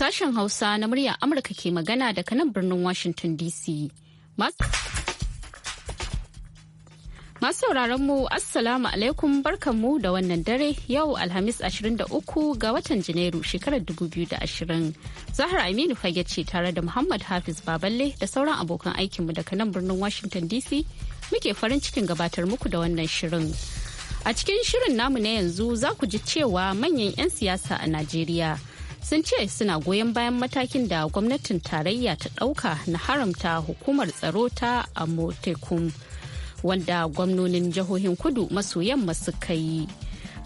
Sashen Hausa na murya Amurka ke magana daga nan birnin Washington DC. Masu mu Assalamu alaikum barkanmu da wannan dare yau Alhamis 23 ga watan Janairu shekarar 2020. Zahra Aminu fage ce tare da Muhammad Hafiz Baballe da sauran abokan aikinmu daga nan birnin Washington DC muke farin cikin gabatar muku da wannan shirin. A cikin shirin namu na yanzu za ku ji cewa manyan 'yan siyasa a Najeriya. sun ce suna goyon bayan matakin da gwamnatin tarayya ta ɗauka na haramta hukumar tsaro ta amotekum wanda gwamnonin jihohin kudu maso yamma suka yi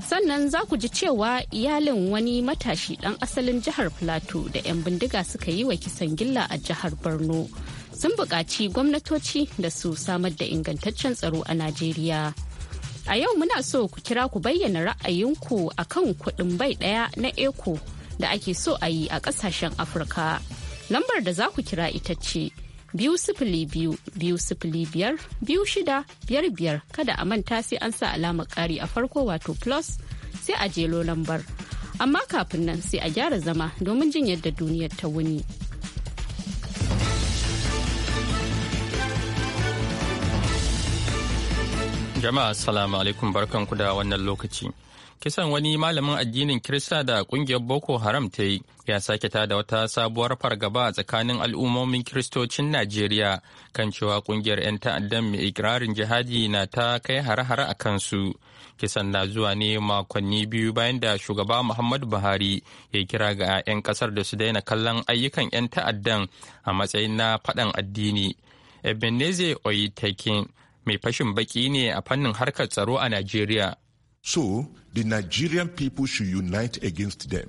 sannan za ku ji cewa iyalin wani matashi ɗan asalin jihar plateau da 'yan bindiga suka yi wa kisan gilla a jihar borno sun buƙaci gwamnatoci da su samar da ingantaccen tsaro a najeriya a yau muna so ku kira ku bayyana ra'ayinku akan kuɗin bai ɗaya na eco da ake so a yi a kasashen Afirka. Lambar da za ku kira ita ce biyu sifili biyu biyu sifili biyar biyu shida biyar biyar kada a manta sai an sa alamar kari a farko wato plus sai a jelo lambar. Amma kafin nan sai a gyara zama domin jin yadda duniyar ta wuni. Jama'a assalamu alaikum barkanku da wannan lokaci. kisan wani malamin addinin Kirista da kungiyar Boko Haram ta yi ya sake ta da wata sabuwar fargaba a tsakanin al'ummomin Kiristocin Najeriya kan cewa kungiyar 'yan ta'addan mai ikirarin jihadi na ta kai hare-hare a kansu. Kisan na zuwa ne makonni biyu bayan da shugaba Muhammadu Buhari ya kira ga 'yan kasar da su daina kallon ayyukan 'yan ta'addan a matsayin na faɗan addini. Ebenezer Oyitekin mai fashin baki ne a fannin harkar tsaro a Najeriya. So the Nigerian people should unite against them.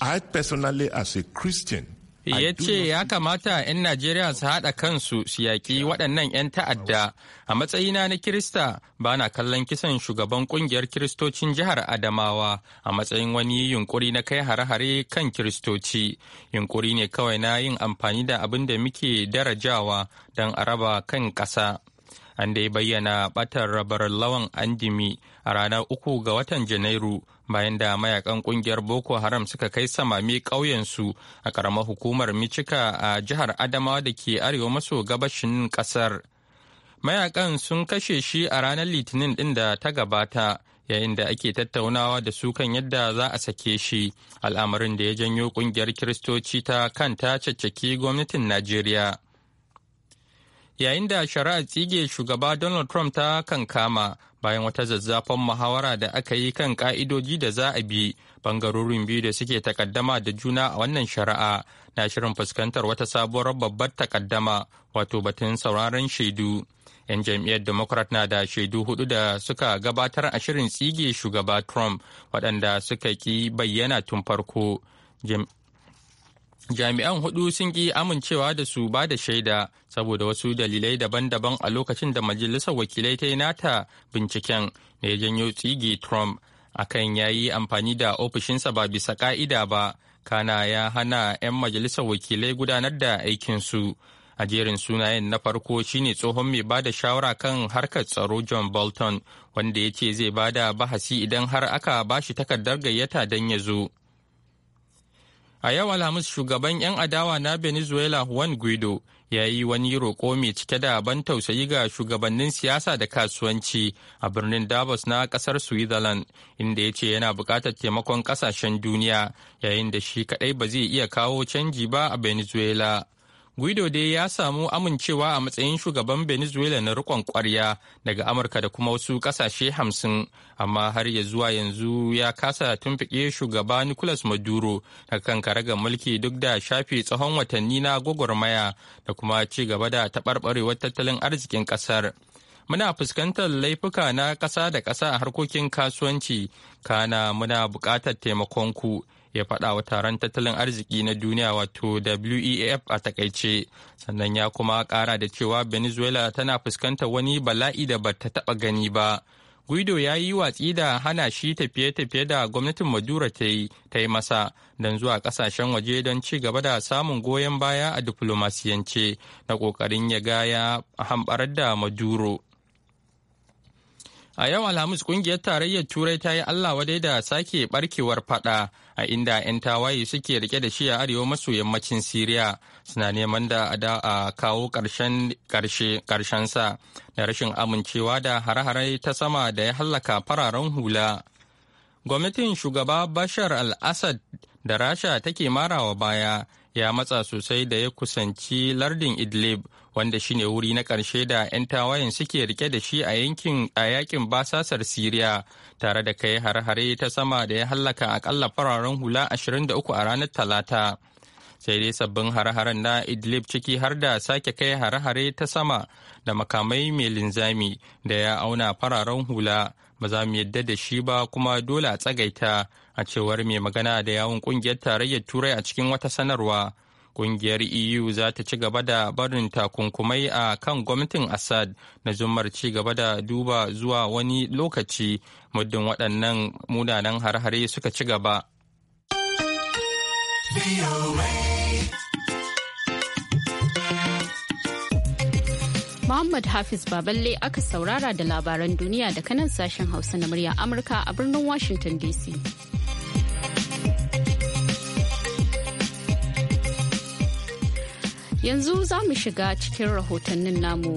I personally, as a Christian, ya ce ya kamata 'yan Najeriya su haɗa kansu su yaƙi waɗannan 'yan ta'adda a matsayina na Kirista ba na kallon kisan shugaban ƙungiyar Kiristocin jihar Adamawa a matsayin wani yunkuri na kai hare-hare kan Kiristoci. yunƙuri ne kawai na yin amfani da abin da muke darajawa don a raba kan ƙasa. an dai bayyana batar rabar lawan andimi a ranar uku ga watan janairu bayan da mayakan kungiyar boko haram suka kai samami ƙauyensu a ƙaramar hukumar michika a jihar adamawa da ke arewa maso gabashin ƙasar mayakan sun kashe shi a ranar litinin ɗin da ta gabata yayin da ake tattaunawa da su kan yadda za a sake shi al'amarin da ya janyo kungiyar kiristoci ta kanta caccaki gwamnatin najeriya yayin da shari'a tsige shugaba Donald Trump ta kankama bayan wata zazzafan muhawara da aka yi kan ka'idoji da za a bi bangarorin biyu da suke takaddama da juna a wannan shari'a na shirin fuskantar wata sabuwar babbar takaddama wato batun sauraron shaidu. 'Yan jam'iyyar Democrat na da shaidu hudu da suka gabatar a shirin tsige shugaba Trump waɗanda suka ki bayyana tun farko. jami'an hudu sun ki amincewa da su ba da shaida saboda wasu dalilai daban-daban a lokacin da majalisar wakilai ta yi nata binciken da ya janyo tsige trump akan ya yi amfani da ofishinsa ba bisa ka'ida ba kana ya hana 'yan majalisar wakilai gudanar da aikinsu a jerin sunayen na farko shine tsohon mai bada shawara kan harkar tsaro john bolton wanda ya ce zai bada bahasi idan har aka bashi takardar gayyata don ya zo A yau Alhamis shugaban 'yan adawa na Venezuela Juan Guido ya yi wani roƙo mai cike da ban tausayi ga shugabannin siyasa da kasuwanci a birnin Davos na ƙasar Switzerland, inda ya ce yana buƙatar taimakon ƙasashen duniya yayin da shi kaɗai ba zai iya kawo canji ba a Venezuela. Guido dai ya samu amincewa a matsayin shugaban Venezuela na rikon kwarya daga Amurka da kuma wasu kasashe hamsin, amma har ya zuwa yanzu ya kasa tumfiƙe shugaba Nicolas Maduro daga kan karagar mulki duk da shafi tsawon watanni na gwagwarmaya da kuma ci gaba da taɓarɓarewar tattalin arzikin ƙasar. Muna fuskantar laifuka na ƙasa da ƙasa a harkokin kasuwanci, kana muna bukatar taimakonku. ku. ya faɗa wa taron tattalin arziki na duniya wato WEF a takaice sannan ya kuma ƙara da cewa Venezuela tana fuskantar wani bala'i da ba ta taɓa gani ba. Guido ya yi watsi da hana shi tafiye-tafiye da gwamnatin Maduro ta yi ta yi masa don zuwa kasashen waje don ci gaba da samun goyon baya a diflomasiyance na ƙoƙarin ya gaya hambarar da Maduro. A yau Alhamis kungiyar tarayyar Turai ta yi Allah wadai da sake barkewar fada a inda 'yan tawaye suke rike da shi a arewa maso yammacin Siriya suna neman da a kawo ƙarshen sa da rashin amincewa da hare-hare ta sama da ya hallaka fararen hula. Gwamnatin shugaba Bashar al-Assad da Rasha take marawa baya ya matsa sosai da ya kusanci lardin Idlib wanda shine wuri na ƙarshe da 'yan tawayen suke rike da shi a yankin a yakin basasar Siriya tare da kai har hare ta sama da ya hallaka akalla fararen hula 23 a ranar Talata. Sai dai sabbin hare-haren na Idlib ciki har da sake kai har hare ta sama da makamai mai linzami da ya auna fararen hula ba za mu yadda da shi ba kuma dole a tsagaita a cewar mai magana da yawun kungiyar tarayyar turai a cikin wata sanarwa. kungiyar EU za ta ci gaba da barin takunkumai a kan gwamnatin Assad na zumar ci gaba da duba zuwa wani lokaci muddin waɗannan munanan har-hare suka ci gaba. Muhammad Hafiz Baballe aka saurara da labaran duniya daga nan sashen Hausa na murya Amurka a birnin Washington DC. yanzu za mu shiga cikin rahotannin namu.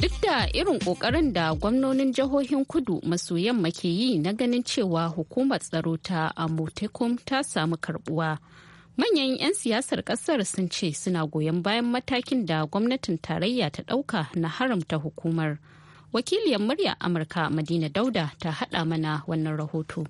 Duk da irin ƙoƙarin da gwamnonin jihohin kudu masu yamma ke yi na ganin cewa hukumar tsaro ta Amotekum ta samu karbuwa. Manyan 'yan siyasar ƙasar sun ce suna goyon bayan matakin da gwamnatin tarayya ta ɗauka na haramta hukumar. Wakiliyar murya Amurka Madina Dauda ta haɗa mana wannan rahoto.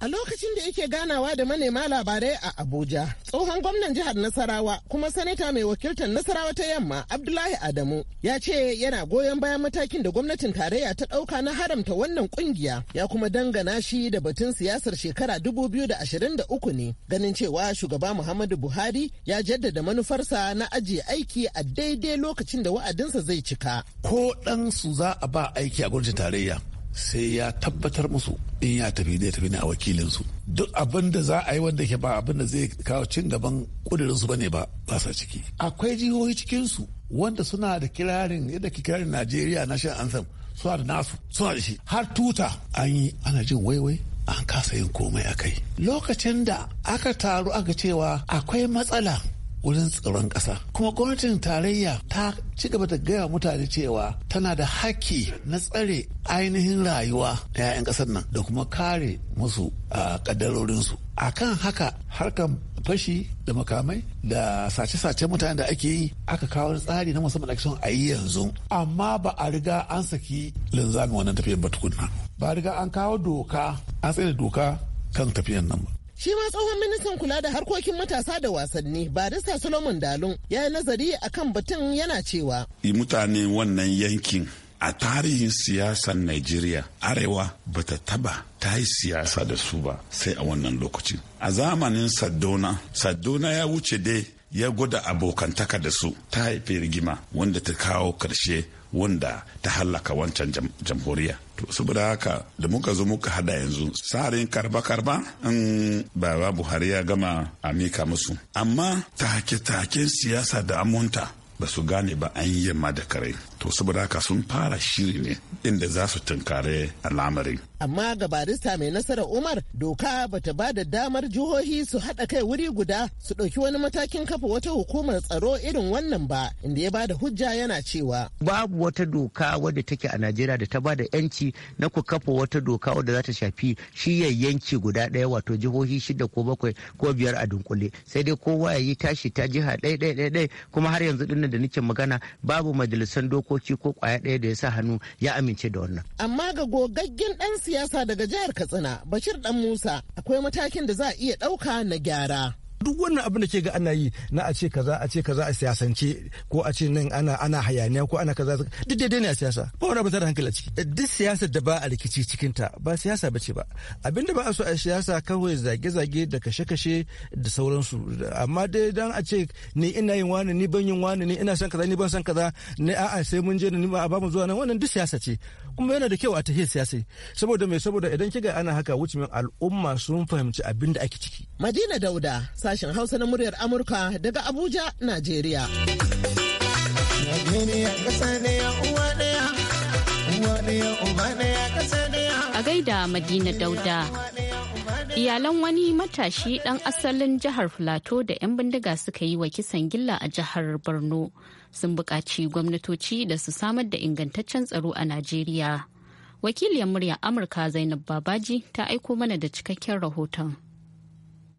A lokacin da yake ganawa da manema labarai a Abuja, tsohon gwamnan jihar Nasarawa kuma sanata mai wakiltar Nasarawa ta yamma Abdullahi Adamu ya ce yana goyon bayan matakin da gwamnatin tarayya ta ɗauka na haramta wannan ƙungiya. ya kuma dangana shi da batun siyasar shekara 2023 ne ganin cewa shugaba Muhammadu Buhari ya jaddada manufarsa na ajiye aiki a daidai lokacin da wa'adinsa zai cika. Ko ɗansu za a ba aiki a gwamnatin tarayya sai ya tabbatar musu in ya tafi zai tafi ne a wakilinsu duk abin da za a yi wanda ke ba abin da zai kawo cin gaban kudurinsu bane ba ba sa ciki akwai jihohi cikinsu wanda suna da kirarin yadda ke kirarin najeriya na shan anthem suna da nasu suna da shi har tuta an yi ana jin waiwai an kasa yin komai akai lokacin da aka taru aka cewa akwai matsala wurin tsaron ƙasa kuma gwamnatin tarayya ta ci gaba da gaya mutane cewa tana da haƙƙi na tsare ainihin rayuwa na 'ya'yan ƙasar nan da kuma kare musu a ƙaddarorinsu a kan haka harkar fashi da makamai da sace-sace mutane da ake yi aka kawo tsari na musamman ake son a yi yanzu amma ba a riga an saki linzamin wannan tafiyan ba tukunna ba riga an kawo doka an tsaye da doka kan tafiyan nan ba Shi ma tsohon ministan kula da harkokin matasa da wasanni barista Solomon Dalun ya yi nazari akan batun yana cewa. Mutane wannan yankin a tarihin siyasar nigeria arewa bata taba ta yi siyasa da su ba sai a wannan lokacin. A zamanin Saddona, sadona ya wuce dai ya gwada abokantaka da su ta haifi rigima wanda ta kawo karshe wanda ta hallaka wancan jamhuriya. to saboda haka da muka zo muka hada yanzu tsarin karba karba in baba buhari ya gama a mika musu amma take-taken siyasa da amunta ba su gane ba an yi yamma da kare to saboda haka sun fara shiri ne inda za su tunkare al'amarin amma ga barista mai nasarar umar doka bata ba da damar jihohi su haɗa kai wuri guda su ɗauki wani matakin kafa wata hukumar tsaro irin wannan ba inda ya ba da hujja yana cewa babu wata doka wadda take a najeriya da ta ba da yanci na ku kafa wata doka wadda za ta shafi yanki guda ɗaya wato jihohi shida ko bakwai ko biyar a dunkule sai dai kowa ya yi tashi ta jiha ɗaya ɗaya ɗaya kuma har yanzu ɗin da nake magana babu majalisan doko dokoki ko kwaya ɗaya da ya sa hannu ya amince da wannan. Amma ga gogaggen ɗan siyasa daga jihar Katsina Bashir Dan Musa akwai matakin da za a iya ɗauka na gyara. duk wannan abin da ke ga ana yi na a ce kaza a ce kaza a siyasance ko a ce nan ana ana hayaniya ko ana kaza duk daidai ne a siyasa ba wani abu da hankali a ciki duk siyasar da ba a rikici cikin ta ba siyasa bace ba abinda ba a so a siyasa kawai zage-zage da kashe-kashe da sauransu amma dai dan a ce ni ina yin wani ni ban yin wani ni ina san kaza ni ban san kaza ni a'a sai mun je ni ba a bamu zuwa nan wannan duk siyasa ce kuma yana da kyau a tahiyar siyasa saboda me saboda idan kiga ana haka wuce al'umma sun fahimci abin da ake ciki madina dauda sashen Hausa na muryar Amurka daga Abuja, Najeriya. A gaida Madina Dauda. Iyalan wani matashi ɗan asalin jihar Filato da 'yan bindiga suka yi wa kisan gilla a jihar Borno sun buƙaci gwamnatoci da su samar da ingantaccen tsaro a Najeriya. Wakiliyar murya Amurka Zainab Babaji ta aiko mana da cikakken rahoton.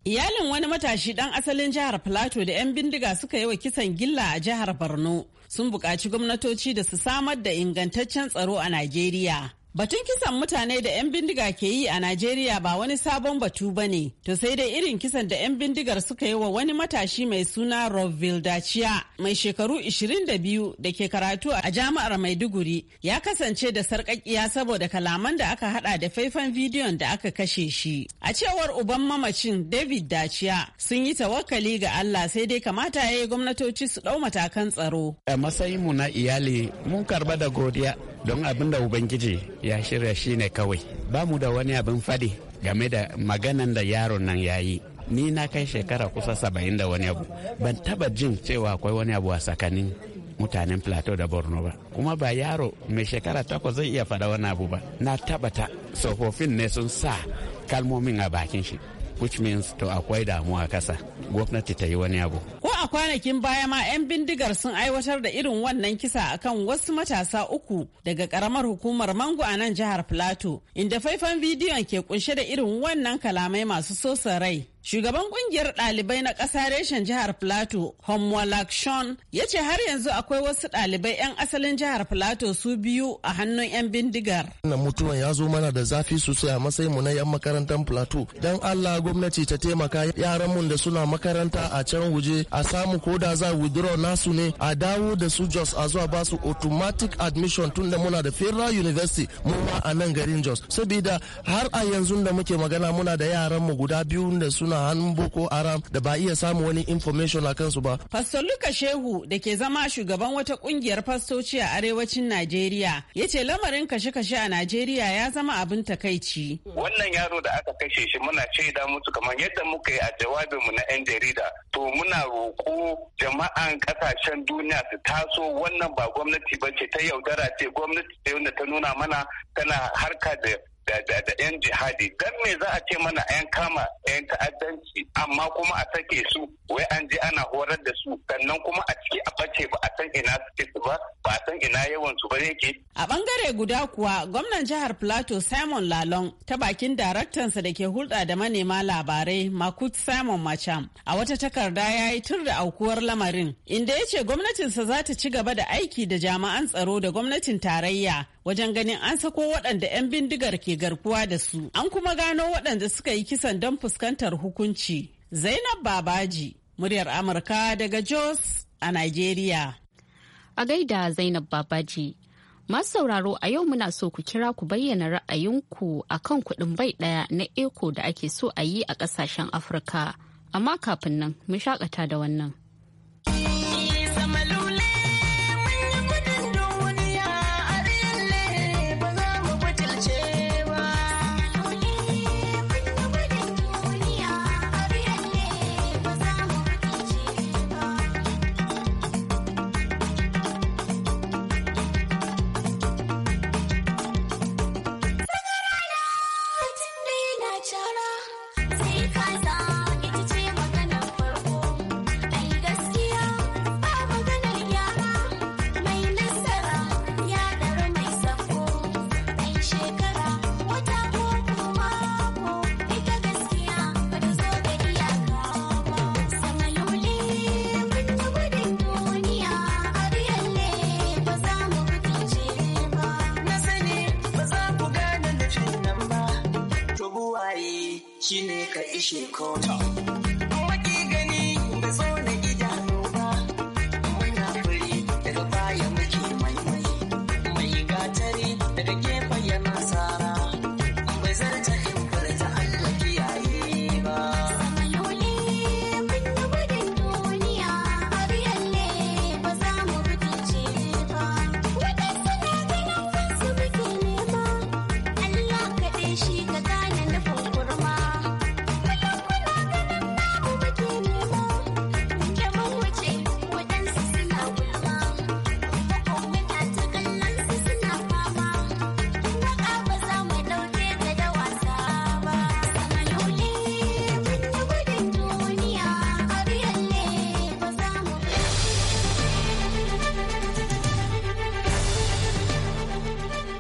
Iyalin wani matashi ɗan asalin jihar Plateau da 'yan bindiga suka yi wa kisan gilla a jihar Borno sun buƙaci gwamnatoci da su samar da ingantaccen tsaro a Najeriya. Batun kisan mutane da 'yan bindiga ke yi a Najeriya ba wani sabon batu ba ne, to sai dai irin kisan da 'yan bindigar suka yi wa wani matashi mai suna Roville Daciya mai shekaru 22 da ke karatu a jami'ar Maiduguri ya kasance da sarƙaƙiya saboda kalaman da aka hada da faifan bidiyon da aka kashe shi. A cewar uban mamacin David Daciya sun yi tawakkali ga Allah sai dai kamata ya yi gwamnatoci su ɗau matakan tsaro. A matsayinmu na iyali mun karba da godiya don abin da Ubangiji ya shirya shi ne kawai ba mu da wani abin fadi game da maganan da yaron nan ya yi ni na kai shekara kusa saba'in da wani abu ban taba jin cewa akwai wani abu a tsakanin mutanen plateau da borno ba kuma ba yaro mai shekara takwas zai iya faɗa wani abu ba na tabata tsofaffin ne sun sa kalmomin a bakin shi which means to akwai damuwa kasa gwamnati ta yi wani abu ko a kwanakin baya ma 'yan bindigar sun aiwatar da irin wannan kisa akan wasu matasa uku daga karamar hukumar mango a nan jihar plateau inda faifan bidiyon ke kunshe da irin wannan kalamai masu sosa rai Shugaban kungiyar ɗalibai na ƙasa reshen jihar Plateau, Homolakshon, ya ce har yanzu akwai wasu ɗalibai 'yan asalin jihar Plateau su biyu a hannun 'yan bindigar. Wannan mutuwan ya zo mana da zafi sosai a matsayin mu na 'yan makarantar Plateau. don Allah gwamnati ta taimaka yaran mun da suna makaranta a can waje a samu ko da za withdraw nasu ne a dawo da su Jos a zuwa basu su automatic admission tun da muna da Federal University mu ma a nan garin Jos. Saboda har a yanzu da muke magana muna da yaran mu guda biyu da suna suna hannun boko haram da ba iya samun wani information a kansu ba. Pastor Luka Shehu da ke zama shugaban wata kungiyar fastoci a arewacin Najeriya ya ce lamarin kashe-kashe a Najeriya ya zama abin takaici. Wannan yaro da aka kashe shi muna shaida musu kamar yadda muka yi a jawabinmu na 'yan jarida. To muna roƙo jama'an ƙasashen duniya su taso wannan ba gwamnati ba ce ta yaudara ce gwamnati ta ta nuna mana tana harka da da 'yan jihadi don me za a ce mana 'yan kama 'yan ta'addanci amma kuma a sake su wai an je ana horar da su sannan kuma a ciki a bace ba a san ina suke su ba ba a san ina yawan su ba yake. A bangare guda kuwa gwamnan jihar plato Simon lalon ta bakin daraktansa da ke hulɗa da manema labarai Makut Simon Macham a wata takarda ya yi tur da aukuwar lamarin inda ya ce gwamnatinsa za ta ci gaba da aiki da jami'an tsaro da gwamnatin tarayya wajen ganin an sako waɗanda 'yan bindigar ke garkuwa da su. An kuma gano waɗanda suka yi kisan don fuskantar hukunci. Zainab Babaji, muryar Amurka daga Jos a nigeria. A gaida Zainab Babaji. Masu sauraro a yau muna so ku kira ku bayyana ra'ayinku a kan kuɗin bai ɗaya na eko da ake so a yi a ƙasashen Afirka. Amma kafin nan, mu shakata da wannan. 星空照。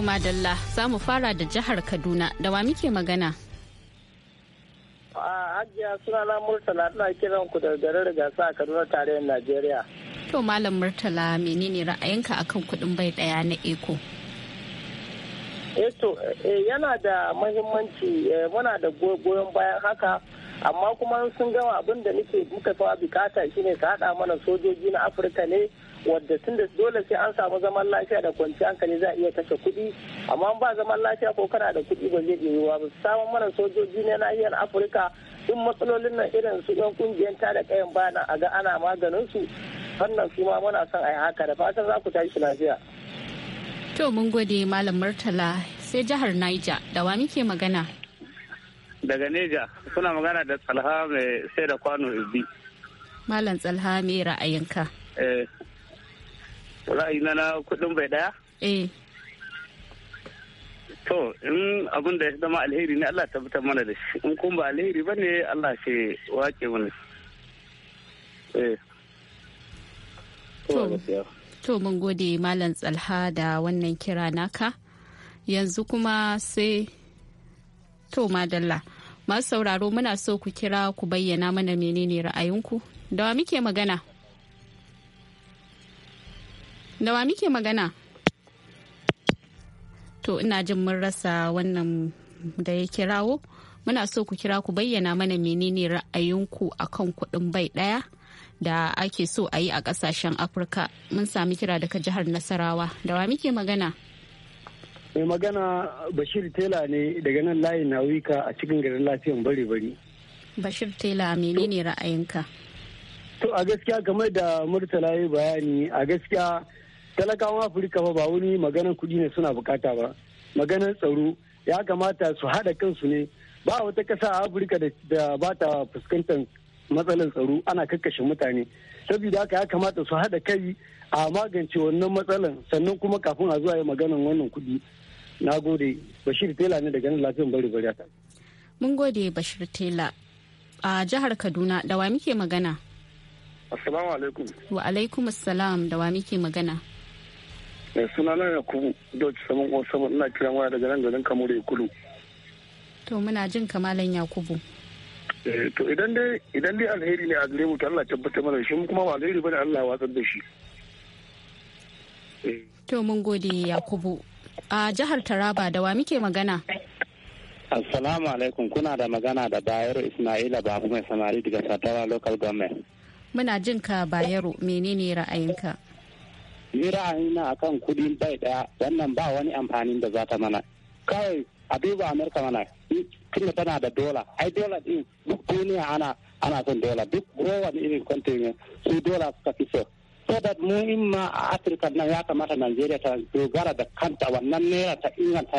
To Madalla za fara da jihar Kaduna da wa muke magana. A hajiya sunana Murtala tana kiran ku da garin gasa a Kaduna tarayyar Najeriya. To Malam Murtala menene ra'ayinka akan kuɗin bai ɗaya na eko? Eto eh eh, yana da mahimmanci eh, muna da goyon bayan haka amma kuma sun gama abin da nake muka fawa bukata shine su haɗa mana sojoji na Afirka ne wadda tun da dole sai an samu zaman lafiya da kwanci hankali za a iya kashe kuɗi amma ba zaman lafiya ko kana da kuɗi ba zai iya yiwuwa ba samun mana sojoji na nahiyar afirka duk matsalolin nan irin su yan kungiyar ta da kayan bana a ga ana maganin su wannan su ma muna son a yi haka da fatan za ku tashi lafiya. to mun gode malam murtala sai jihar niger da wa muke magana. daga neja suna magana da tsalha mai sai da kwano izbi. malam tsalha mai ra'ayinka. eh ra'ayi na kudin bai daya eh. to in abin da ya zama alheri ne Allah tabbatar mana da shi in kuma ba alheri ba ne Allah ce wake wani to mun gode malam tsalha da wannan kira naka yanzu kuma sai to madalla masu sauraro muna so ku kira ku bayyana mana menene ra'ayinku da wa muke magana da wa muke magana to ina jin mun rasa wannan da ya kirawo muna so ku kira ku bayyana mana menene ra'ayinku akan kuɗin bai ɗaya da ake so a yi a ƙasashen afirka mun sami kira daga jihar nasarawa da wa muke magana mai magana bashir tela ne daga nan layin nawika a cikin garin lafiyan bare bari bashir tela menene ra'ayinka to a gaskiya kamar da murtala bayani a gaskiya talakawan afirka ba wani maganan kudi ne suna bukata ba maganan tsaro ya kamata su haɗa kansu ne ba wata ƙasa a afirka da ba ta fuskantar matsalar tsaro ana kakkashe mutane saboda haka ya kamata su haɗa kai a magance wannan matsalar sannan kuma kafin a zuwa yi maganan wannan kudi na gode bashir tela ne daga nan lafiyan bari bari ta mun gode bashir tela a jihar kaduna da wa muke magana assalamu alaikum wa alaikum assalam da wa muke magana mai eh, suna na yakubu dodge saman osama ina kiran waya daga nan garin kamar kulu to muna jin kamalan yakubu eh, to idan dai idan dai alheri ne a gare mu to Allah tabbata mana shi kuma ba alheri bane Allah watsar da shi eh. to mun gode yakubu a jihar taraba da wa muke magana assalamu alaikum kuna da magana da bayero ismaila babu mai samari daga satara local government muna jin ka bayero menene ra'ayinka ni ra'ayina akan kudin bai daya wannan ba wani amfani da za ta mana kawai a duba amurka mana da tana da dola ai dola din duk duniya ana ana son dola duk kowane irin kwantin su dola suka fi so so da mu in ma a afirka nan ya kamata nigeria ta dogara da kanta wannan naira ta inganta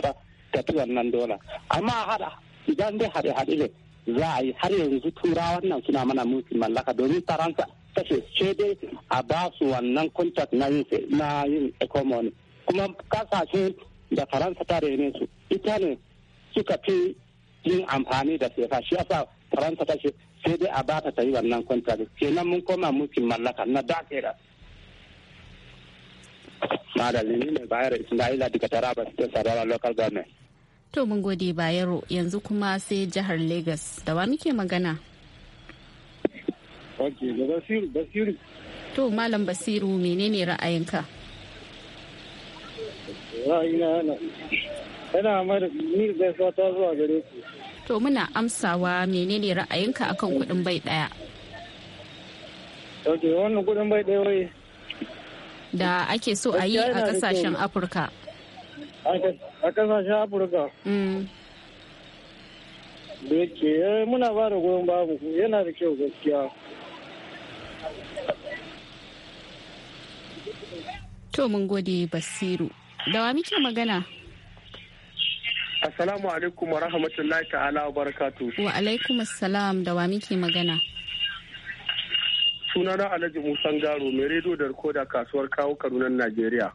da fi wannan dola amma hada idan dai haɗe haɗe za a yi har yanzu turawan nan suna mana mulkin mallaka domin faransa kashe ce dai a ba su wannan kuntat na yin economy kuma kasashe da faransa ta rene su ita ne suka fi yin amfani da sefa shi yasa faransa ta ce sai dai a ba ta ta yi wannan kuntat nan mun koma mulkin mallaka na dakera madalini ne bayar ismaila daga taraba state sarawa local government to mun gode bayero yanzu kuma sai jihar lagos da wa muke magana ok da basiru basiru to malam basiru menene ra'ayinka ra'ayina yana yana mara mil da ta zuwa gare ku to muna amsawa menene ra'ayinka akan kudin bai ɗaya ok wannan kudin bai daya wai da ake so a yi a kasashen afirka a kasashen afirka mm. da yake eh, muna ba da goyon babu yana da kyau gaskiya To mun gode Basiru. Da wa muke magana? Assalamu alaikum wa rahmatullahi ta'ala wa barakatu. Wa alaikum assalam da wa muke magana? Sunana Alhaji Musan Garo mai rediyo da rikoda kasuwar kawo Kaduna, Najeriya.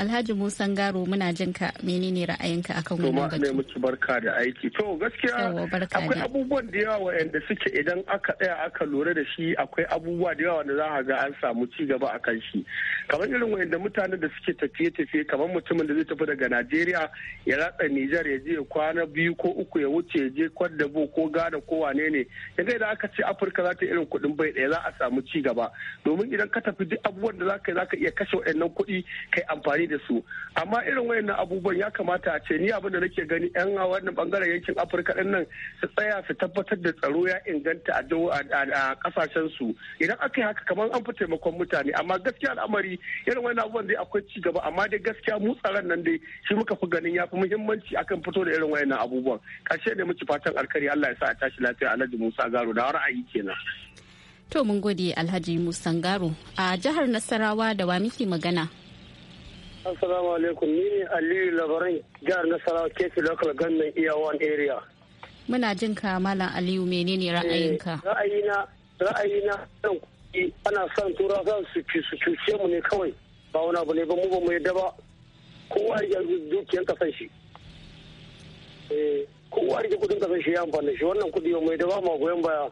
Alhaji Musa Garo muna jin ka menene ra'ayinka akan wannan batu. Kuma muke barka da aiki. To gaskiya akwai abubuwan da yawa wanda suke idan aka tsaya aka lura da shi akwai abubuwa da yawa da za a ga an samu ci gaba a kan shi. Kamar irin wanda mutanen da suke tafiye-tafiye kamar mutumin da zai tafi daga Najeriya ya ratsa Nijar ya je kwana biyu ko uku ya wuce ya je bo ko Ghana ko wane ne. Yanzu idan aka ce Afirka za ta irin kuɗin bai ɗaya za a samu ci gaba. Domin idan ka tafi duk abubuwan da za ka yi za ka iya kashe waɗannan kuɗi kai amfani da su amma irin wayannan abubuwan ya kamata a ce ni abin da nake gani yan wannan bangaren yankin afirka din nan su tsaya su tabbatar da tsaro ya inganta a kasashen su idan aka yi haka kamar an fi taimakon mutane amma gaskiya al'amari irin wayannan abubuwan dai akwai ci gaba amma dai gaskiya mu tsaron nan dai shi muka fi ganin ya fi muhimmanci akan fito da irin wayannan abubuwan karshe ne muci fatan alkari Allah ya sa a tashi lafiya Alhaji Musa Garo da ra'ayi kenan To mun gode Alhaji Musangaro a jihar Nasarawa da wa muke magana. Assalamu alaikum ni ne Aliyu labarin jihar Nasarawa Kefi Local Government Iya One Area. Muna jin ka Malam Aliyu menene eh, ra'ayinka? Ra'ayina ra'ayina ɗan kuɗi ana son tura zan su ci su cuce mu ne kawai ba wani abu ne ba mu ba mu yadda ba kowa ya dukiyan kasan shi. Eh, kowa ya kuɗin kasan shi ya amfani shi wannan kuɗi ba mu yadda ba ma goyon baya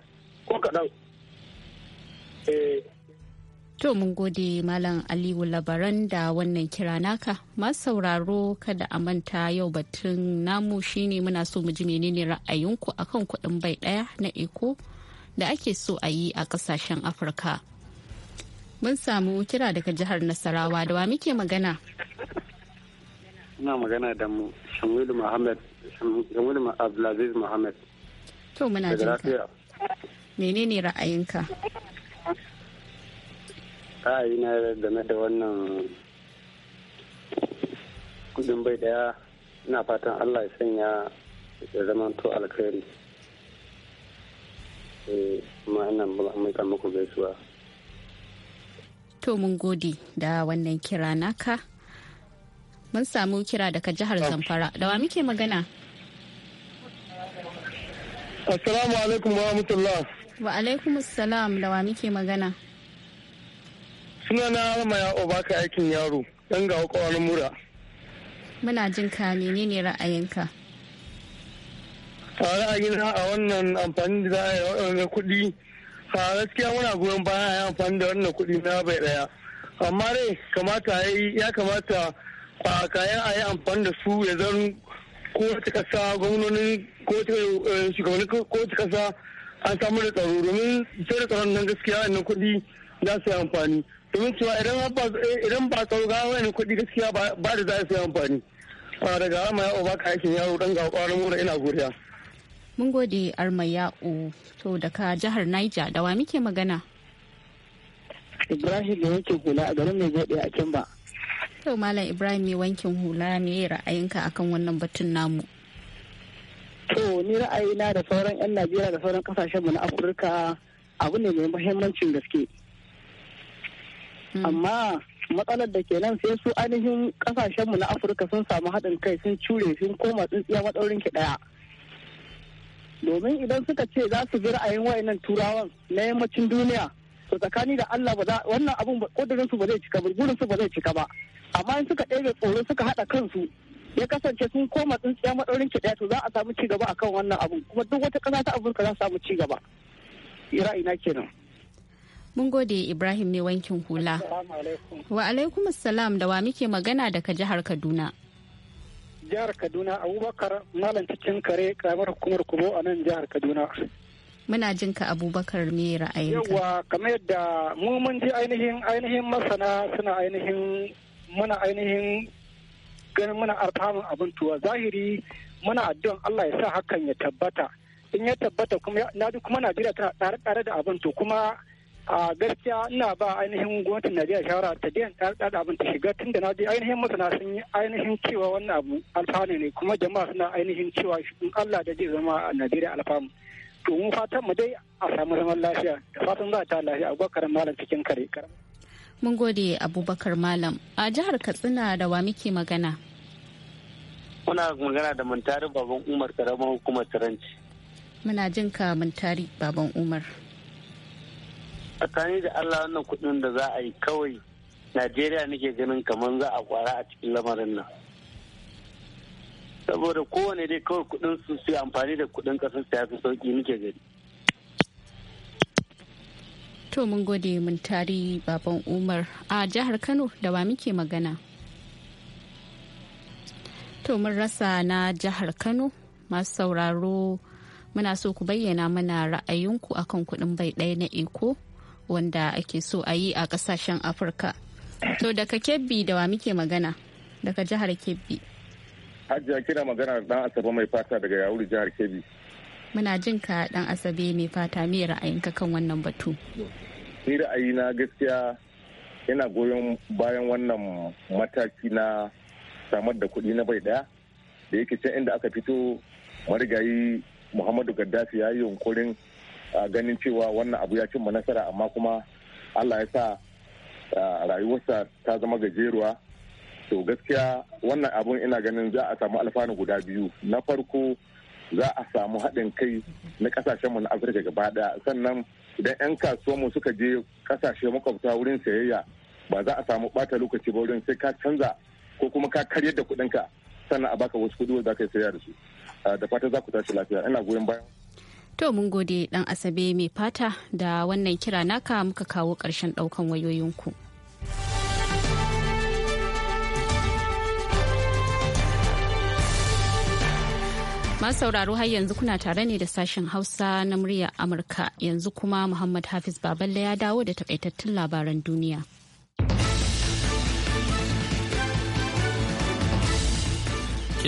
ko kaɗan. Eh, To mun gode Malam Aliyu Labaran da wannan kira naka. Masu sauraro kada a manta yau batun namu shine muna so mu ji menene ra'ayinku akan kuɗin bai ɗaya na eko da ake so a yi a ƙasashen Afirka. Mun samu kira daga jihar Nasarawa da wa muke magana? Ina magana da mu Shamilu Muhammad, Shamilu Abdulaziz Muhammad. To muna jinka. Menene ra'ayinka? na game da wannan kudin bai daya ina fatan allah ya sanya ya zama to alkhairi eh, kuma ina maika muku gaisuwa to mun gode da wannan kira naka mun samu kira daga jihar zamfara da wa muke magana assalamu alaikum wa rahmatullah wa alaikum assalam da wa muke magana suna na ya obaka aikin yaro dan ga kwanan mura muna jin ka ne ne ra'ayinka a ra'ayina a wannan amfani da za a yi waɗannan kuɗi a gaskiya muna goyon bayan a yi amfani da wannan kuɗi na bai ɗaya amma dai kamata ya kamata a kayan a yi amfani da su ya zan kowace kasa gwamnonin kowace eh, shugabannin ƙasa an samu da tsaro domin sai da tsaron nan gaskiya wannan kuɗi za su yi amfani domin cewa idan ba ga wani kuɗi gaskiya ba da za su yi amfani a daga rama ya'o ba ka aikin yaro dan ga ƙwarin mura ina godiya. mun gode arma ya'o to daga jihar niger da wa muke magana. ibrahim da yake hula a garin mai gode a kimba. to malam ibrahim mai wankin hula me ra'ayinka akan wannan batun namu. to ni ra'ayina da sauran 'yan najeriya da sauran kasashen mu na afirka abu ne mai muhimmancin gaske. Mm. amma matsalar da kenan sai su ainihin kasashenmu na afirka sun samu haɗin kai sun cure sun koma tsintsiya maɗaurin ki ɗaya domin idan suka ce za su bi ra'ayin wayannan turawan na yammacin duniya to tsakani da allah ba za wannan abun kudurin su ba zai cika burin su ba zai cika ba amma in suka ɗebe tsoro suka haɗa kansu ya kasance sun koma tsintsiya maɗaurin ki ɗaya to za a samu ci gaba akan wannan abun kuma duk wata ƙasa ta afirka za su samu ci gaba ra'ayina kenan Mun gode Ibrahim ne wankin hula. Wa alaikum salam da wa muke magana daga jihar Kaduna. Jihar Kaduna Abubakar Malam cikin kare karamar hukumar Kubo a nan jihar Kaduna. Muna jin ka Abubakar me ra'ayinka. yawa kamar yadda mu mun ji ainihin ainihin masana suna ainihin muna ainihin ganin muna alfahamin abin tuwa zahiri muna addu'an Allah ya sa hakan ya tabbata in ya tabbata kuma na kuma Najeriya tana tsare tsare da abin to kuma a gaskiya ina ba ainihin gwamnatin najeriya shawara ta daina tsartsar abin ta shiga tun da na je ainihin masana sun yi ainihin cewa wannan abu alfanu ne kuma jama'a suna ainihin cewa in allah da zai zama a najeriya alfanu to mu fatan mu dai a samu zaman lafiya da fatan za ta lafiya a abubakar malam cikin kare mun gode abubakar malam a jihar katsina da wa muke magana muna magana da muntari baban umar karamar hukumar taranci muna jinka muntari baban umar tsakani da allah wannan kudin da za a yi kawai najeriya nake ganin kamar za a kwara a cikin lamarin nan saboda kowane dai kawai kudin su su amfani da kudin kasar su fi sauki nake gani to mun gode mun tari baban umar a jihar kano da ba muke magana to mun rasa na jihar kano masu sauraro muna so ku bayyana mana ra'ayinku akan kudin bai ɗaya na eko wanda ake so a yi a kasashen afirka to daga kebbi da wa muke magana daga jihar kebbi hajiya kina magana da dan asabe mai fata daga yawuri jihar kebbi muna jin ka dan asabe mai fata ra'ayin ra'ayinka kan wannan batu ni na gaskiya yana goyon bayan wannan mataki na samar da kuɗi na bai daya da yake can inda aka fito marigayi muhammadu gaddafi ya yi yunkurin ganin cewa wannan abu ya cin mu nasara amma kuma allah ya sa rayuwarsa ta zama gajeruwa to gaskiya wannan abun ina ganin za a samu alfanu guda biyu na farko za a samu haɗin kai na ƙasashenmu na afirka gaba daya sannan idan 'yan mu suka je ƙasashe makwabta wurin sayayya ba za a samu ɓata lokaci ba wurin sai ka canza ko kuma ka karyar da kuɗinka sannan a baka wasu kuɗi za ka yi sayar da su da fatan za ku tashi lafiya ina goyon bayan To mun gode dan Asabe mai fata da wannan kira naka muka kawo ƙarshen ɗaukan wayoyinku. Masu sauraro har yanzu kuna tare ne da sashen Hausa na muryar Amurka yanzu kuma Muhammad Hafiz Baballe ya dawo da takaitattun labaran duniya.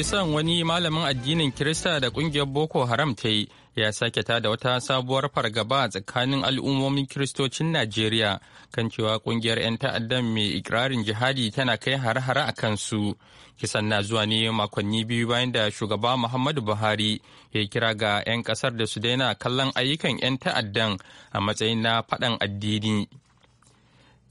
kisan wani malamin addinin Kirista da kungiyar Boko Haram ta yi ya sake da wata sabuwar fargaba a tsakanin al'ummomin Kiristocin Najeriya kan cewa kungiyar 'yan ta'addan mai ikirarin jihadi tana kai hare-hare a kansu. Kisan na zuwa ne makonni biyu bayan da shugaba Muhammadu Buhari ya kira ga 'yan kasar da su daina kallon ayyukan 'yan ta'addan a matsayin na faɗan addini.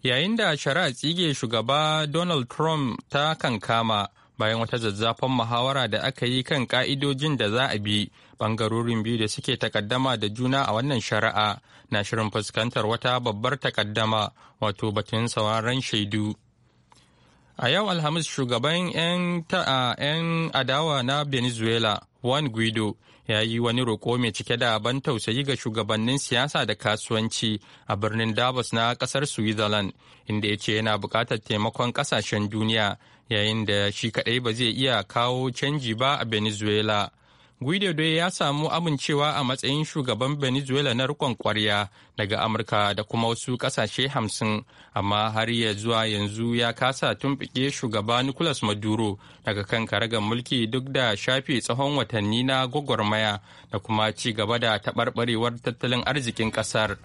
Yayin da shari'a tsige shugaba Donald Trump ta kankama. bayan wata zazzafan muhawara da aka yi kan ka'idojin da za a bi bangarorin biyu da suke takaddama da juna a wannan shari'a na shirin fuskantar wata babbar takaddama wato batun sauraron shaidu a yau alhamis shugaban 'yan adawa na venezuela juan guido ya yi wani roƙo mai cike da ban tausayi ga shugabannin siyasa da kasuwanci a birnin Davos na ƙasar Switzerland, inda ya ce yana buƙatar taimakon ƙasashen duniya yayin da shi kaɗai ba zai iya kawo canji ba a Venezuela. Guido dai ya samu amincewa a matsayin shugaban Venezuela na rikon ƙwarya daga Amurka da kuma wasu ƙasashe hamsin, amma har ya zuwa yanzu ya kasa tumɓike shugaba Nicolas Maduro daga kan karagar mulki duk da shafe tsawon watanni na gwagwarmaya da kuma ci gaba da taɓarɓarewar tattalin arzikin ƙasar.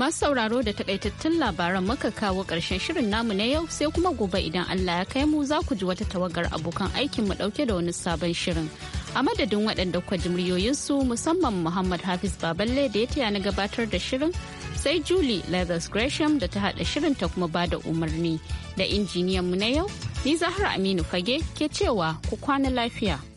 Masu sauraro da takaitattun labaran muka kawo ƙarshen shirin namu na yau sai kuma gobe idan Allah ya kai mu za ku ji wata tawagar abokan aikin mu ɗauke da wani sabon shirin. A madadin waɗanda kwa muryoyinsu musamman Muhammad Hafiz Baballe da ya taya na gabatar da shirin sai Julie Leathers Gresham da ta haɗa shirin ta kuma bada umarni da injiniyan mu na yau ni Zahra Aminu Fage ke cewa ku kwana lafiya.